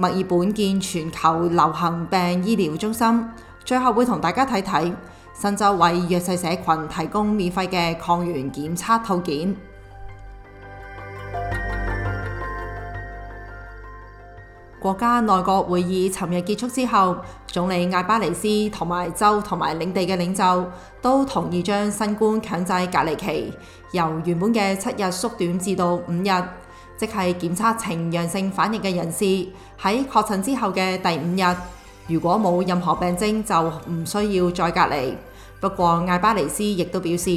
墨爾本建全球流行病醫療中心，最後會同大家睇睇，新州為弱勢社群提供免費嘅抗原檢測套件。 國家內閣會議尋日結束之後，總理艾巴尼斯同埋州同埋領地嘅領袖都同意將新冠強制隔離期由原本嘅七日縮短至到五日。即係檢測呈陽性反應嘅人士喺確診之後嘅第五日，如果冇任何病徵，就唔需要再隔離。不過艾巴尼斯亦都表示，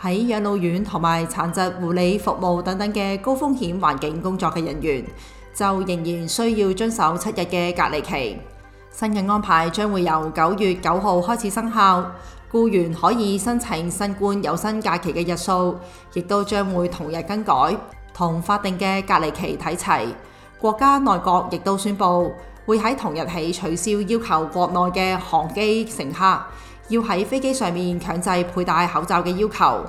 喺養老院同埋殘疾護理服務等等嘅高風險環境工作嘅人員，就仍然需要遵守七日嘅隔離期。新嘅安排將會由九月九號開始生效，僱員可以申請新冠有薪假期嘅日數，亦都將會同日更改。同法定嘅隔離期睇齊，國家內閣亦都宣布會喺同日起取消要求國內嘅航機乘客要喺飛機上面強制佩戴口罩嘅要求。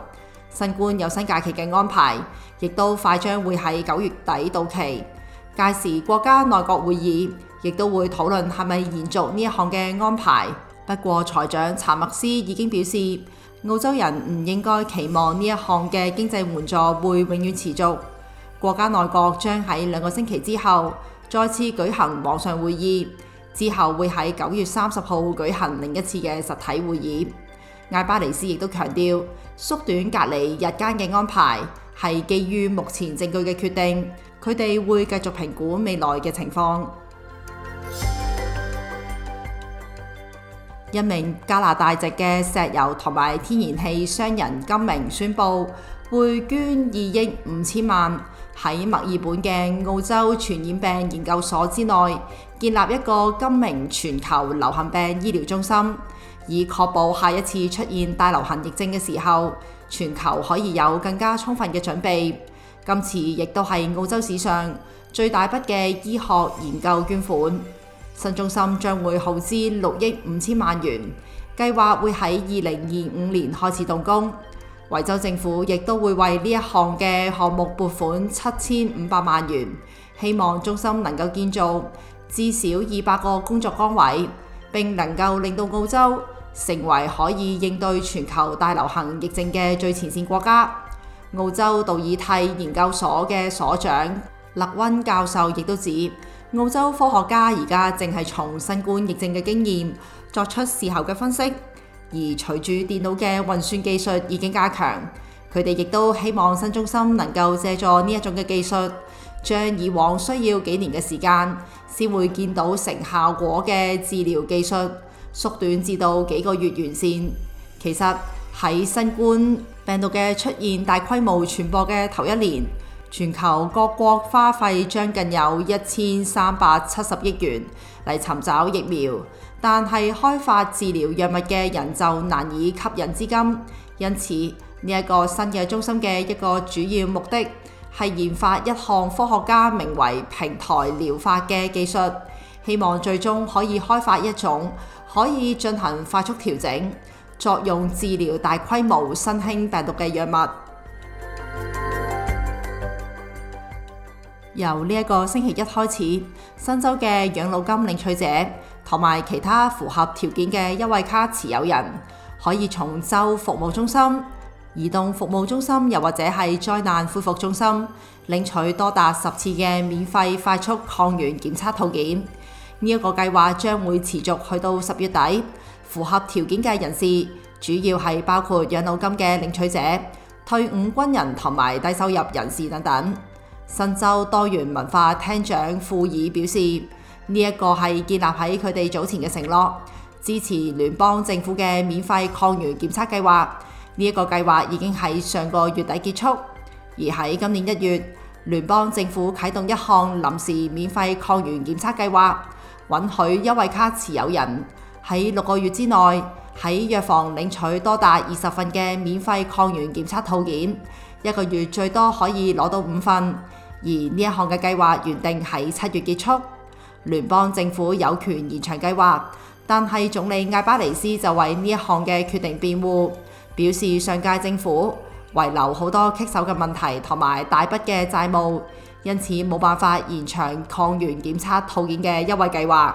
新冠有薪假期嘅安排，亦都快將會喺九月底到期。屆時國家內閣會議亦都會討論係咪延續呢一項嘅安排。不過財長查默斯已經表示，澳洲人唔應該期望呢一項嘅經濟援助會永遠持續。國家內閣將喺兩個星期之後再次舉行網上會議，之後會喺九月三十號舉行另一次嘅實體會議。艾巴尼斯亦都強調，縮短隔離日間嘅安排係基於目前證據嘅決定。佢哋會繼續評估未來嘅情況。 一名加拿大籍嘅石油同埋天然氣商人金明宣布會捐二億五千萬。喺墨爾本嘅澳洲傳染病研究所之內建立一個今明全球流行病醫療中心，以確保下一次出現大流行疫症嘅時候，全球可以有更加充分嘅準備。今次亦都係澳洲史上最大筆嘅醫學研究捐款。新中心將會耗資六億五千萬元，計劃會喺二零二五年開始動工。維州政府亦都會為呢一項嘅項目撥款七千五百萬元，希望中心能夠建造至少二百個工作崗位，並能夠令到澳洲成為可以應對全球大流行疫症嘅最前線國家。澳洲道爾蒂研究所嘅所長勒溫教授亦都指，澳洲科學家而家正係從新冠疫症嘅經驗作出事後嘅分析。而隨住電腦嘅運算技術已經加強，佢哋亦都希望新中心能夠借助呢一種嘅技術，將以往需要幾年嘅時間先會見到成效果嘅治療技術縮短至到幾個月完善。其實喺新冠病毒嘅出現大規模傳播嘅頭一年，全球各國花費將近有一千三百七十億元嚟尋找疫苗，但係開發治療藥物嘅人就難以吸引資金。因此呢一個新嘅中心嘅一個主要目的係研發一項科學家名為平台療法嘅技術，希望最終可以開發一種可以進行快速調整、作用治療大規模新興病毒嘅藥物。由呢一個星期一開始，新州嘅養老金領取者同埋其他符合條件嘅優惠卡持有人，可以從州服務中心、移動服務中心又或者係災難恢復中心，領取多達十次嘅免費快速抗原檢測套件。呢一個計劃將會持續去到十月底。符合條件嘅人士，主要係包括養老金嘅領取者、退伍軍人同埋低收入人士等等。新州多元文化廳長庫爾表示，呢、這、一個係建立喺佢哋早前嘅承諾，支持聯邦政府嘅免費抗原檢測計劃。呢、這、一個計劃已經喺上個月底結束，而喺今年一月，聯邦政府啟動一項臨時免費抗原檢測計劃，允許優惠卡持有人喺六個月之內喺藥房領取多達二十份嘅免費抗原檢測套件。一個月最多可以攞到五份，而呢一項嘅計劃原定喺七月結束，聯邦政府有權延長計劃，但係總理艾巴尼斯就為呢一項嘅決定辯護，表示上屆政府遺留好多棘手嘅問題同埋大筆嘅債務，因此冇辦法延長抗原檢測套件嘅優惠計劃。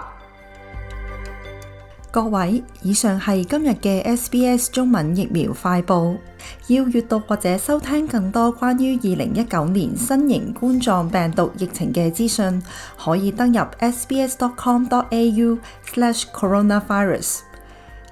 各位，以上係今日嘅 SBS 中文疫苗快報。要閱讀或者收聽更多關於二零一九年新型冠狀病毒疫情嘅資訊，可以登入 sbs dot com dot au slash coronavirus。